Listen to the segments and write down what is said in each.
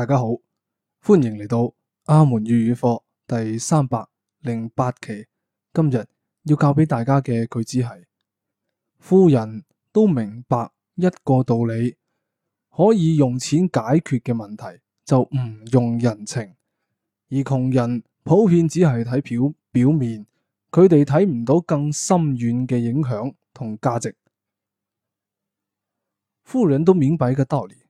大家好，歡迎嚟到阿門粵語課第三百零八期。今日要教俾大家嘅句子係：富人都明白一個道理，可以用錢解決嘅問題就唔用人情；而窮人普遍只係睇表表面，佢哋睇唔到更深遠嘅影響同價值。富人都明白一個道理。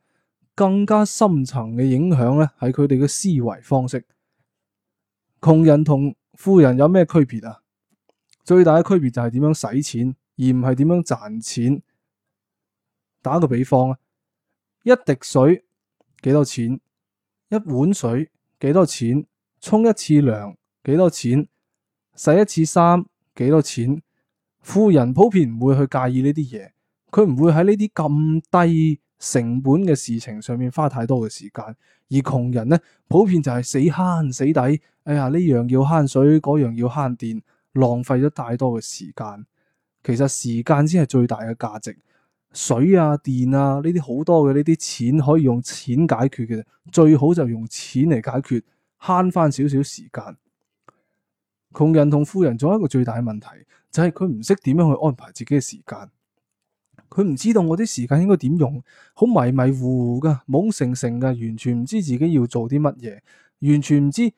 更加深層嘅影響咧，係佢哋嘅思維方式。窮人同富人有咩區別啊？最大嘅區別就係點樣使錢，而唔係點樣賺錢。打個比方啊，一滴水幾多錢？一碗水幾多錢？沖一次涼幾多錢？洗一次衫幾多錢？富人普遍唔會去介意呢啲嘢，佢唔會喺呢啲咁低。成本嘅事情上面花太多嘅時間，而窮人呢，普遍就係死慳死抵，哎呀呢樣要慳水，嗰樣要慳電，浪費咗太多嘅時間，其實時間先係最大嘅價值，水啊、電啊呢啲好多嘅呢啲錢可以用錢解決嘅，最好就用錢嚟解決，慳翻少少時間。窮人同富人仲有一個最大嘅問題，就係佢唔識點樣去安排自己嘅時間。佢唔知道我啲時間應該點用，好迷迷糊糊噶，懵成成噶，完全唔知自己要做啲乜嘢，完全唔知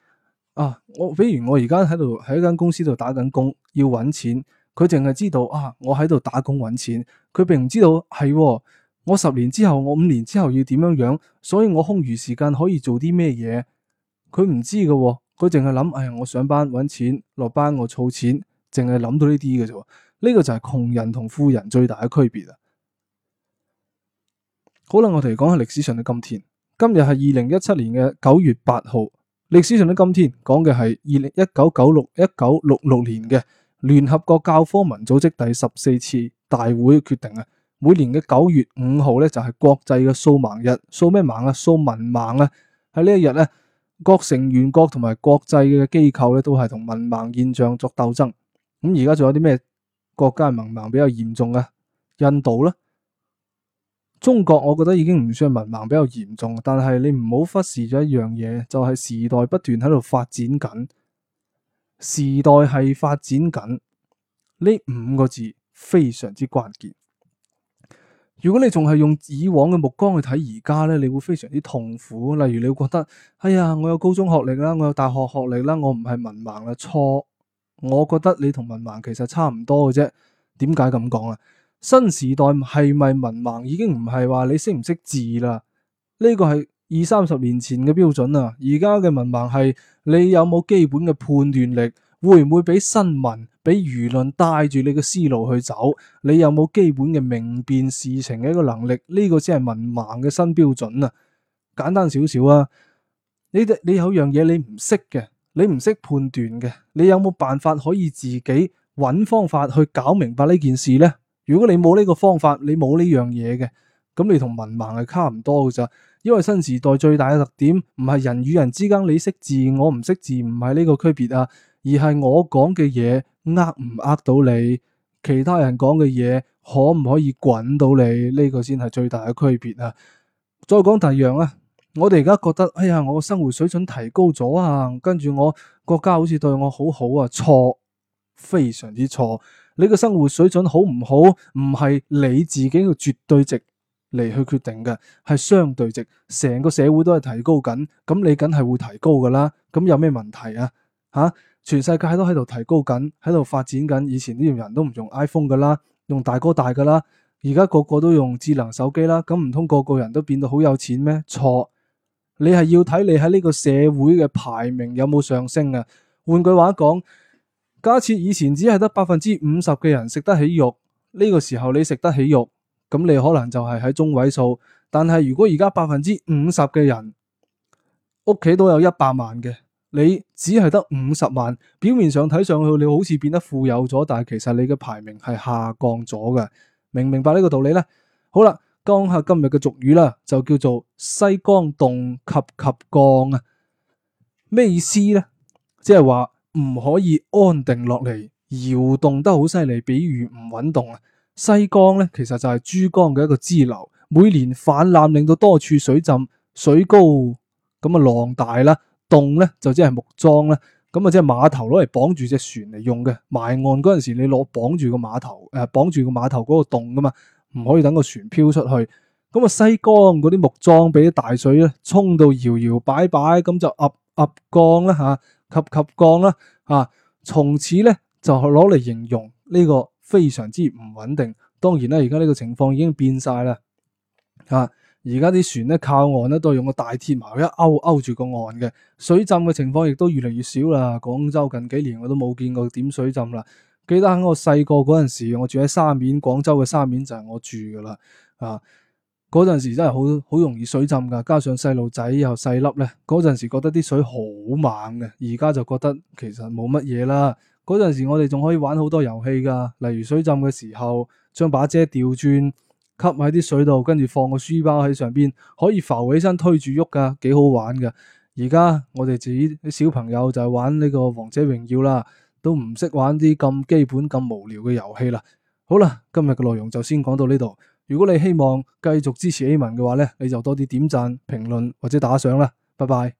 啊！我比如我而家喺度喺一間公司度打緊工，要搵錢，佢淨係知道啊！我喺度打工搵錢，佢並唔知道係、哎、我十年之後，我五年之後要點樣樣，所以我空餘時間可以做啲咩嘢？佢唔知噶，佢淨係諗哎我上班搵錢，落班我儲錢，淨係諗到呢啲嘅啫。呢、呢個就係窮人同富人最大嘅區別啊！可能我哋講係歷史上嘅今天，今日係二零一七年嘅九月八號。歷史上嘅今天講嘅係二零一九九六一九六六年嘅聯合國教科文組織第十四次大會決定啊，每年嘅九月五號咧就係國際嘅掃盲日。掃咩盲啊？掃文盲啊！喺呢一日咧，各成員國同埋國際嘅機構咧都係同文盲現象作鬥爭。咁而家仲有啲咩國家文盲比較嚴重啊？印度啦。中國，我覺得已經唔算文盲比較嚴重，但係你唔好忽視咗一樣嘢，就係時代不斷喺度發展緊，時代係發展緊呢五個字非常之關鍵。如果你仲係用以往嘅目光去睇而家呢，你會非常之痛苦。例如你會覺得，哎呀，我有高中學歷啦，我有大學學歷啦，我唔係文盲啦，錯。我覺得你同文盲其實差唔多嘅啫。點解咁講啊？新時代係咪文盲已經唔係話你識唔識字啦？呢個係二三十年前嘅標準啊。而家嘅文盲係你有冇基本嘅判斷力？會唔會俾新聞、俾輿論帶住你嘅思路去走？你有冇基本嘅明辨事情嘅一個能力？呢個先係文盲嘅新標準啊。簡單少少啊。你你有樣嘢你唔識嘅，你唔識判斷嘅，你有冇辦法可以自己揾方法去搞明白呢件事呢？如果你冇呢個方法，你冇呢樣嘢嘅，咁你同文盲係差唔多㗎咋？因為新時代最大嘅特點唔係人與人之間你識字我唔識字，唔係呢個區別啊，而係我講嘅嘢呃唔呃到你，其他人講嘅嘢可唔可以滾到你，呢個先係最大嘅區別啊！再講第二樣啊，我哋而家覺得哎呀，我生活水準提高咗啊，跟住我國家好似對我好好啊，錯。非常之錯，你個生活水準好唔好，唔係你自己嘅絕對值嚟去決定嘅，係相對值。成個社會都係提高緊，咁你梗係會提高噶啦。咁有咩問題啊？吓，啊，全世界都喺度提高緊，喺度發展緊。以前啲人都唔用 iPhone 噶啦，用大哥大噶啦，而家個個都用智能手機啦。咁唔通個個人都變到好有錢咩？錯，你係要睇你喺呢個社會嘅排名有冇上升啊。換句話講。假設以前只係得百分之五十嘅人食得起肉，呢個時候你食得起肉，咁你可能就係喺中位數。但係如果而家百分之五十嘅人屋企都有一百萬嘅，你只係得五十萬，表面上睇上去你好似變得富有咗，但係其實你嘅排名係下降咗嘅。明唔明白呢個道理咧？好啦，江客今日嘅俗語啦，就叫做西江戙，及及江啊，咩意思咧？即係話。唔可以安定落嚟，搖動得好犀利。比如唔穩動啊，西江咧，其實就係珠江嘅一個支流，每年泛濫令到多處水浸，水高咁啊浪大啦，戙咧就即係木樁啦，咁啊即係碼頭攞嚟綁住隻船嚟用嘅。埋岸嗰陣時，你攞綁住個碼頭，誒、呃、綁住個碼頭嗰個戙噶嘛，唔可以等個船漂出去。咁啊西江嗰啲木樁俾啲大水咧沖到搖搖擺擺，擺擺，咁就壓壓降啦吓。及及降啦、啊！啊，從此咧就攞嚟形容呢個非常之唔穩定。當然啦，而家呢個情況已經變晒啦！啊，而家啲船咧靠岸咧都係用個大鐵錨一去勾勾住個岸嘅，水浸嘅情況亦都越嚟越少啦。廣州近幾年我都冇見過點水浸啦。記得喺我細個嗰陣時，我住喺沙面，廣州嘅沙面就係我住噶啦啊。嗰陣時真係好好容易水浸噶，加上細路仔又細粒咧。嗰陣時覺得啲水好猛嘅，而家就覺得其實冇乜嘢啦。嗰陣時我哋仲可以玩好多遊戲噶，例如水浸嘅時候，將把遮調轉，吸喺啲水度，跟住放個書包喺上邊，可以浮起身推住喐噶，幾好玩噶。而家我哋自己啲小朋友就係玩呢個《王者榮耀》啦，都唔識玩啲咁基本、咁無聊嘅遊戲啦。好啦，今日嘅內容就先講到呢度。如果你希望繼續支持阿門嘅話咧，你就多啲點，點讚評論或者打賞啦。拜拜。